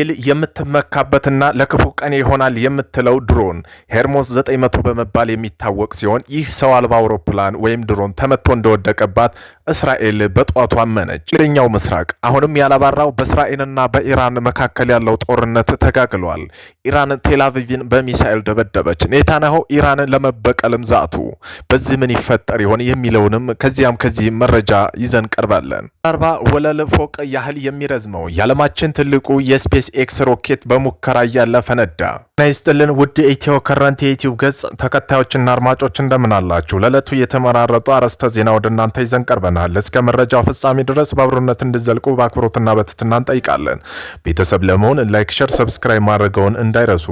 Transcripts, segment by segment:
እስራኤል የምትመካበትና ለክፉ ቀን ይሆናል የምትለው ድሮን ሄርሞስ 900 በመባል የሚታወቅ ሲሆን ይህ ሰው አልባ አውሮፕላን ወይም ድሮን ተመቶ እንደወደቀባት እስራኤል በጠዋቱ አመነች። ኛው ምስራቅ አሁንም ያላባራው በእስራኤልና በኢራን መካከል ያለው ጦርነት ተጋግሏል። ኢራን ቴላቪቭን በሚሳኤል ደበደበች። ኔታንያሁ ኢራንን ለመበቀልም ዛቱ። በዚህ ምን ይፈጠር ይሆን የሚለውንም ከዚያም ከዚህ መረጃ ይዘን ቀርባለን። አርባ ወለል ፎቅ ያህል የሚረዝመው የዓለማችን ትልቁ የስፔስ ስፔስ ኤክስ ሮኬት በሙከራ እያለ ፈነዳ። ናይስጥልን ውድ ኢትዮ ከረንት የዩቲዩብ ገጽ ተከታዮችና አድማጮች እንደምን አላችሁ? ለዕለቱ የተመራረጡ አርዕስተ ዜና ወደ እናንተ ይዘን ቀርበናል። እስከ መረጃው ፍጻሜ ድረስ በአብሮነት እንዲዘልቁ በአክብሮትና በትትና እንጠይቃለን። ቤተሰብ ለመሆን ላይክ፣ ሸር፣ ሰብስክራይብ ማድረገውን እንዳይረሱ።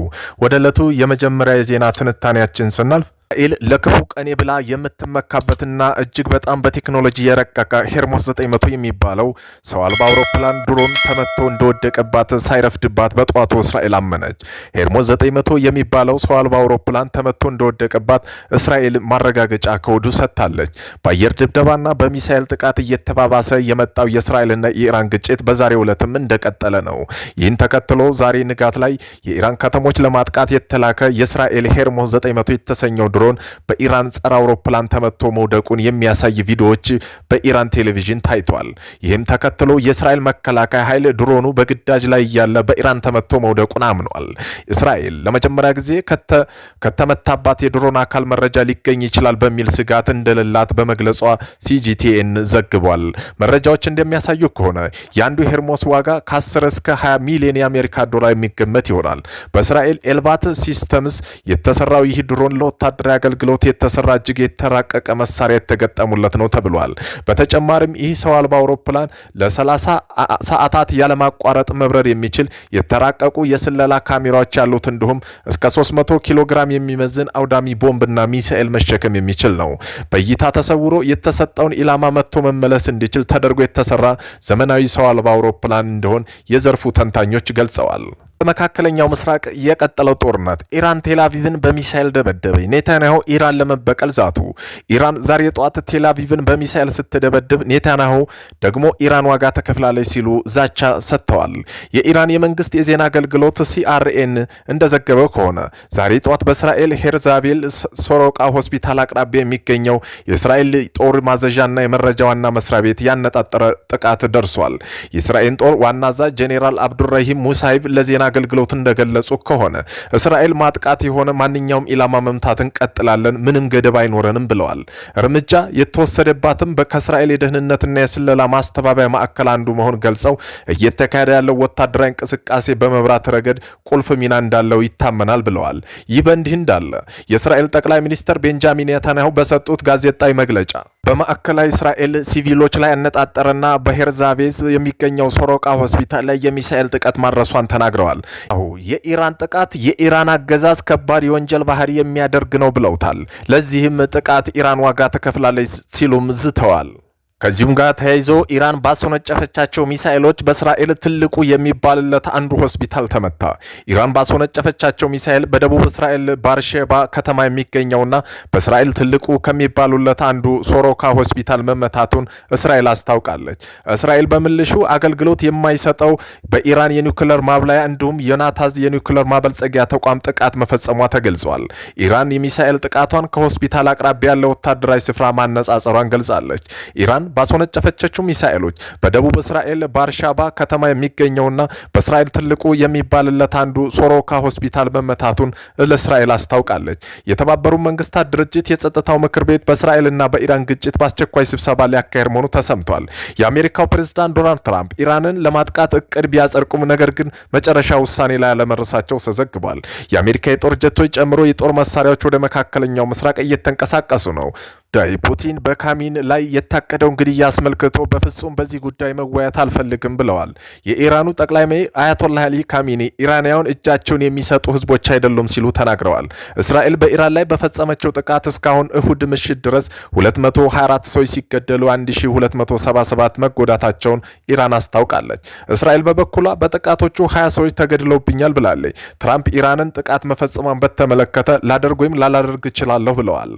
ወደ ዕለቱ የመጀመሪያ የዜና ትንታኔያችን ስናልፍ እስራኤል ለክፉ ቀኔ ብላ የምትመካበትና እጅግ በጣም በቴክኖሎጂ የረቀቀ ሄርሞስ 900 የሚባለው ሰው አልባ አውሮፕላን ድሮን ተመትቶ እንደወደቀባት ሳይረፍድባት በጠዋቱ እስራኤል አመነች። ሄርሞስ 900 የሚባለው ሰው አልባ አውሮፕላን ተመትቶ እንደወደቀባት እስራኤል ማረጋገጫ ከወዱ ሰጥታለች። በአየር ድብደባና በሚሳኤል ጥቃት እየተባባሰ የመጣው የእስራኤልና የኢራን ግጭት በዛሬው ዕለትም እንደቀጠለ ነው። ይህን ተከትሎ ዛሬ ንጋት ላይ የኢራን ከተሞች ለማጥቃት የተላከ የእስራኤል ሄርሞስ 900 የተሰኘው ድሮን በኢራን ጸረ አውሮፕላን ተመቶ መውደቁን የሚያሳይ ቪዲዮዎች በኢራን ቴሌቪዥን ታይቷል። ይህም ተከትሎ የእስራኤል መከላከያ ኃይል ድሮኑ በግዳጅ ላይ እያለ በኢራን ተመቶ መውደቁን አምኗል። እስራኤል ለመጀመሪያ ጊዜ ከተመታባት የድሮን አካል መረጃ ሊገኝ ይችላል በሚል ስጋት እንደሌላት በመግለጿ ሲጂቲኤን ዘግቧል። መረጃዎች እንደሚያሳዩ ከሆነ የአንዱ ሄርሞስ ዋጋ ከ10 እስከ 20 ሚሊዮን የአሜሪካ ዶላር የሚገመት ይሆናል። በእስራኤል ኤልባት ሲስተምስ የተሰራው ይህ ድሮን ለወታደራዊ ለመሳሪያ አገልግሎት የተሰራ እጅግ የተራቀቀ መሳሪያ የተገጠሙለት ነው ተብሏል። በተጨማሪም ይህ ሰው አልባ አውሮፕላን ለ30 ሰዓታት ያለማቋረጥ መብረር የሚችል የተራቀቁ የስለላ ካሜራዎች ያሉት እንዲሁም እስከ 300 ኪሎ ግራም የሚመዝን አውዳሚ ቦምብና ሚሳኤል መሸከም የሚችል ነው። በእይታ ተሰውሮ የተሰጠውን ኢላማ መጥቶ መመለስ እንዲችል ተደርጎ የተሰራ ዘመናዊ ሰው አልባ አውሮፕላን እንደሆን የዘርፉ ተንታኞች ገልጸዋል። በመካከለኛው ምስራቅ የቀጠለው ጦርነት ኢራን ቴላቪቭን በሚሳይል ደበደበ። ኔታንያሁ ኢራን ለመበቀል ዛቱ። ኢራን ዛሬ ጠዋት ቴላቪቭን በሚሳይል ስትደበድብ ኔታንያሁ ደግሞ ኢራን ዋጋ ተከፍላለች ሲሉ ዛቻ ሰጥተዋል። የኢራን የመንግስት የዜና አገልግሎት ሲአርኤን እንደዘገበው ከሆነ ዛሬ ጠዋት በእስራኤል ሄርዛቤል ሶሮቃ ሆስፒታል አቅራቢያ የሚገኘው የእስራኤል ጦር ማዘዣና የመረጃ ዋና መስሪያ ቤት ያነጣጠረ ጥቃት ደርሷል። የእስራኤል ጦር ዋና አዛዥ ጄኔራል አብዱራሂም ሙሳይብ ለዜና አገልግሎት እንደገለጹ ከሆነ እስራኤል ማጥቃት የሆነ ማንኛውም ኢላማ መምታት እንቀጥላለን፣ ምንም ገደብ አይኖረንም ብለዋል። እርምጃ የተወሰደባትም ከእስራኤል የደህንነትና የስለላ ማስተባበያ ማዕከል አንዱ መሆን ገልጸው እየተካሄደ ያለው ወታደራዊ እንቅስቃሴ በመብራት ረገድ ቁልፍ ሚና እንዳለው ይታመናል ብለዋል። ይህ በእንዲህ እንዳለ የእስራኤል ጠቅላይ ሚኒስትር ቤንጃሚን ኔታንያሁ በሰጡት ጋዜጣዊ መግለጫ በማዕከላዊ እስራኤል ሲቪሎች ላይ ያነጣጠረና በሄርዛቤዝ የሚገኘው ሶሮቃ ሆስፒታል ላይ የሚሳኤል ጥቃት ማድረሷን ተናግረዋል። አሁ የኢራን ጥቃት የኢራን አገዛዝ ከባድ የወንጀል ባህሪ የሚያደርግ ነው ብለውታል። ለዚህም ጥቃት ኢራን ዋጋ ተከፍላለች ሲሉም ዝተዋል። ከዚሁም ጋር ተያይዞ ኢራን ባስወነጨፈቻቸው ሚሳኤሎች በእስራኤል ትልቁ የሚባልለት አንዱ ሆስፒታል ተመታ። ኢራን ባስወነጨፈቻቸው ሚሳኤል በደቡብ እስራኤል ባርሼባ ከተማ የሚገኘውና በእስራኤል ትልቁ ከሚባሉለት አንዱ ሶሮካ ሆስፒታል መመታቱን እስራኤል አስታውቃለች። እስራኤል በምልሹ አገልግሎት የማይሰጠው በኢራን የኒውክለር ማብላያ እንዲሁም የናታዝ የኒውክለር ማበልጸጊያ ተቋም ጥቃት መፈጸሟ ተገልጿል። ኢራን የሚሳኤል ጥቃቷን ከሆስፒታል አቅራቢያ ያለ ወታደራዊ ስፍራ ማነጻጸሯን ገልጻለች። ኢራን ባስወነጨፈቸችው ሚሳኤሎች በደቡብ እስራኤል ባርሻባ ከተማ የሚገኘውና በእስራኤል ትልቁ የሚባልለት አንዱ ሶሮካ ሆስፒታል መመታቱን ለእስራኤል አስታውቃለች። የተባበሩት መንግስታት ድርጅት የጸጥታው ምክር ቤት በእስራኤልና በኢራን ግጭት በአስቸኳይ ስብሰባ ሊያካሄድ መሆኑ ተሰምቷል። የአሜሪካው ፕሬዝዳንት ዶናልድ ትራምፕ ኢራንን ለማጥቃት እቅድ ቢያጸድቁም ነገር ግን መጨረሻ ውሳኔ ላይ አለመድረሳቸው ተዘግቧል። የአሜሪካ የጦር ጀቶች ጨምሮ የጦር መሳሪያዎች ወደ መካከለኛው ምስራቅ እየተንቀሳቀሱ ነው። ጉዳይ ፑቲን በካሚን ላይ የታቀደውን ግድያ አስመልክቶ በፍጹም በዚህ ጉዳይ መወያየት አልፈልግም ብለዋል። የኢራኑ ጠቅላይ መሪ አያቶላህ አሊ ካሚኒ ኢራናውያን እጃቸውን የሚሰጡ ህዝቦች አይደሉም ሲሉ ተናግረዋል። እስራኤል በኢራን ላይ በፈጸመችው ጥቃት እስካሁን እሁድ ምሽት ድረስ 224 ሰዎች ሲገደሉ 1277 መጎዳታቸውን ኢራን አስታውቃለች። እስራኤል በበኩሏ በጥቃቶቹ 20 ሰዎች ተገድለውብኛል ብላለች። ትራምፕ ኢራንን ጥቃት መፈጸሟን በተመለከተ ላደርግ ወይም ላላደርግ እችላለሁ ብለዋል።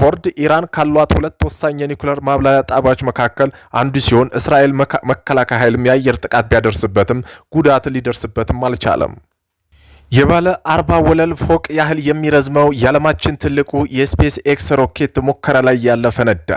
ፎርድ ኢራን ካሏት ሁለት ወሳኝ የኒኩለር ማብላያ ጣቢያዎች መካከል አንዱ ሲሆን እስራኤል መከላከያ ኃይልም የአየር ጥቃት ቢያደርስበትም ጉዳት ሊደርስበትም አልቻለም። የባለ አርባ ወለል ፎቅ ያህል የሚረዝመው የዓለማችን ትልቁ የስፔስ ኤክስ ሮኬት ሙከራ ላይ ያለ ፈነዳ።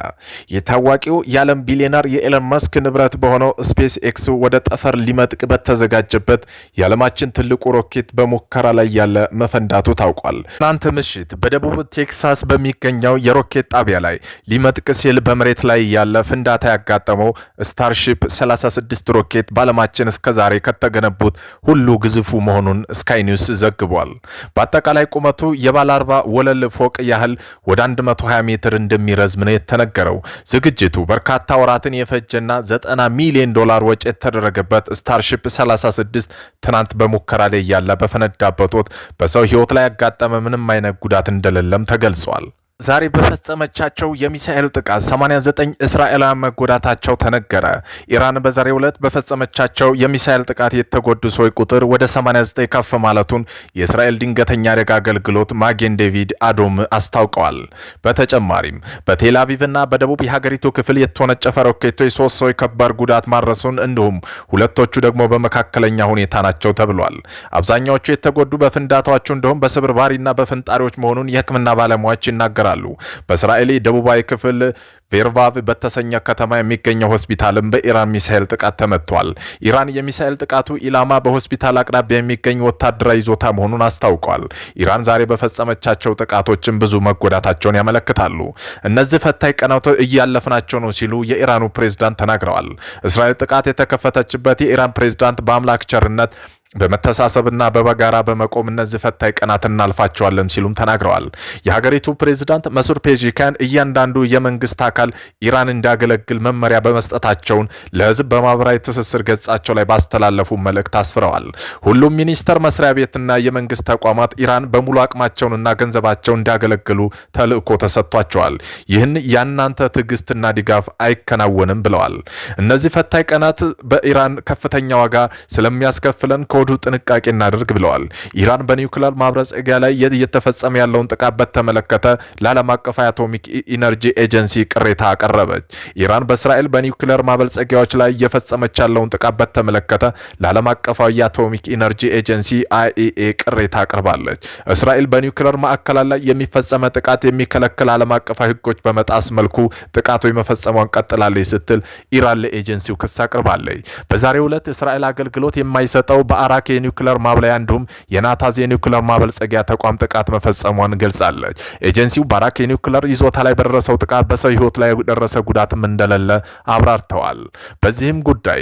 የታዋቂው የዓለም ቢሊዮነር የኤለን መስክ ንብረት በሆነው ስፔስ ኤክስ ወደ ጠፈር ሊመጥቅ በተዘጋጀበት የዓለማችን ትልቁ ሮኬት በሙከራ ላይ ያለ መፈንዳቱ ታውቋል። ትናንት ምሽት በደቡብ ቴክሳስ በሚገኘው የሮኬት ጣቢያ ላይ ሊመጥቅ ሲል በመሬት ላይ ያለ ፍንዳታ ያጋጠመው ስታርሺፕ 36 ሮኬት በዓለማችን እስከዛሬ ከተገነቡት ሁሉ ግዙፉ መሆኑን ስካይ ኒውስ ፖሊስ ዘግቧል። በአጠቃላይ ቁመቱ የባለ 40 ወለል ፎቅ ያህል ወደ 120 ሜትር እንደሚረዝም ነው የተነገረው። ዝግጅቱ በርካታ ወራትን የፈጀና 90 ሚሊዮን ዶላር ወጪ የተደረገበት ስታርሺፕ 36 ትናንት በሙከራ ላይ እያለ በፈነዳበት ወቅት በሰው ሕይወት ላይ ያጋጠመ ምንም አይነት ጉዳት እንደሌለም ተገልጿል። ዛሬ በፈጸመቻቸው የሚሳኤል ጥቃት 89 እስራኤላውያን መጎዳታቸው ተነገረ። ኢራን በዛሬው ዕለት በፈጸመቻቸው የሚሳኤል ጥቃት የተጎዱ ሰዎች ቁጥር ወደ 89 ከፍ ማለቱን የእስራኤል ድንገተኛ አደጋ አገልግሎት ማጌን ዴቪድ አዶም አስታውቀዋል። በተጨማሪም በቴል እና በደቡብ የሀገሪቱ ክፍል የተወነጨፈ ሮኬቶች ሶስት ሰዎች ከባድ ጉዳት ማድረሱን እንዲሁም ሁለቶቹ ደግሞ በመካከለኛ ሁኔታ ናቸው ተብሏል። አብዛኛዎቹ የተጎዱ በፍንዳታዎቹ እንዲሁም በስብርባሪና በፍንጣሪዎች መሆኑን የሕክምና ባለሙያዎች ይናገራሉ። ይቀጥላሉ። በእስራኤል ደቡባዊ ክፍል ቬርቫቭ በተሰኘ ከተማ የሚገኘው ሆስፒታልም በኢራን ሚሳኤል ጥቃት ተመቷል። ኢራን የሚሳኤል ጥቃቱ ኢላማ በሆስፒታል አቅራቢያ የሚገኝ ወታደራዊ ይዞታ መሆኑን አስታውቋል። ኢራን ዛሬ በፈጸመቻቸው ጥቃቶችን ብዙ መጎዳታቸውን ያመለክታሉ። እነዚህ ፈታኝ ቀናት እያለፍናቸው ነው ሲሉ የኢራኑ ፕሬዝዳንት ተናግረዋል። እስራኤል ጥቃት የተከፈተችበት የኢራን ፕሬዝዳንት በአምላክ ቸርነት በመተሳሰብና በበጋራ በመቆም እነዚህ ፈታኝ ቀናት እናልፋቸዋለን ሲሉም ተናግረዋል። የሀገሪቱ ፕሬዝዳንት መሱር ፔጂካን እያንዳንዱ የመንግስት አካል አካል ኢራን እንዲያገለግል መመሪያ በመስጠታቸውን ለህዝብ በማህበራዊ ትስስር ገጻቸው ላይ ባስተላለፉ መልእክት አስፍረዋል። ሁሉም ሚኒስቴር መስሪያ ቤትና የመንግስት ተቋማት ኢራን በሙሉ አቅማቸውንና ገንዘባቸውን እንዲያገለግሉ ተልዕኮ ተሰጥቷቸዋል። ይህን ያናንተ ትዕግስትና ድጋፍ አይከናወንም ብለዋል። እነዚህ ፈታኝ ቀናት በኢራን ከፍተኛ ዋጋ ስለሚያስከፍለን ከወዱ ጥንቃቄ እናደርግ ብለዋል። ኢራን በኒውክሌር ማብረጸጊያ ላይ እየተፈጸመ ያለውን ጥቃት በተመለከተ ለዓለም አቀፍ አቶሚክ ኢነርጂ ኤጀንሲ ቅሬ ቅሬታ አቀረበች። ኢራን በእስራኤል በኒውክሌር ማበልጸጊያዎች ላይ እየፈጸመች ያለውን ጥቃት በተመለከተ ለዓለም አቀፋዊ የአቶሚክ ኢነርጂ ኤጀንሲ አይኢኤ ቅሬታ አቅርባለች። እስራኤል በኒውክሌር ማዕከላት ላይ የሚፈጸመ ጥቃት የሚከለክል ዓለም አቀፋዊ ህጎች በመጣስ መልኩ ጥቃቱ መፈጸሟን ቀጥላለች ስትል ኢራን ለኤጀንሲው ክስ አቅርባለች። በዛሬው ዕለት እስራኤል አገልግሎት የማይሰጠው በአራክ የኒውክሌር ማብለያ እንዲሁም የናታዝ የኒውክሌር ማበልጸጊያ ተቋም ጥቃት መፈጸሟን ገልጻለች። ኤጀንሲው በአራክ የኒውክሌር ይዞታ ላይ በደረሰው ጥቃት በሰው በህይወት ላይ የደረሰ ጉዳትም እንደሌለ አብራርተዋል። በዚህም ጉዳይ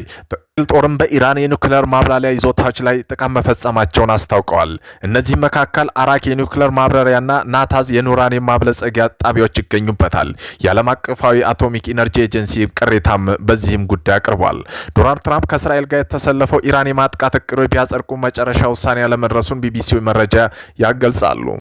ጦርም በኢራን የኒውክሌር ማብላሪያ ይዞታዎች ላይ ጥቃት መፈጸማቸውን አስታውቀዋል። እነዚህም መካከል አራክ የኒውክሌር ማብራሪያና ናታዝ የኑራኒየም ማብለጸጊያ ጣቢያዎች ይገኙበታል። የዓለም አቀፋዊ አቶሚክ ኢነርጂ ኤጀንሲ ቅሬታም በዚህም ጉዳይ አቅርቧል። ዶናልድ ትራምፕ ከእስራኤል ጋር የተሰለፈው ኢራን የማጥቃት እቅዶች ቢያጸድቁ መጨረሻ ውሳኔ ያለመድረሱን ቢቢሲ መረጃ ያገልጻሉ።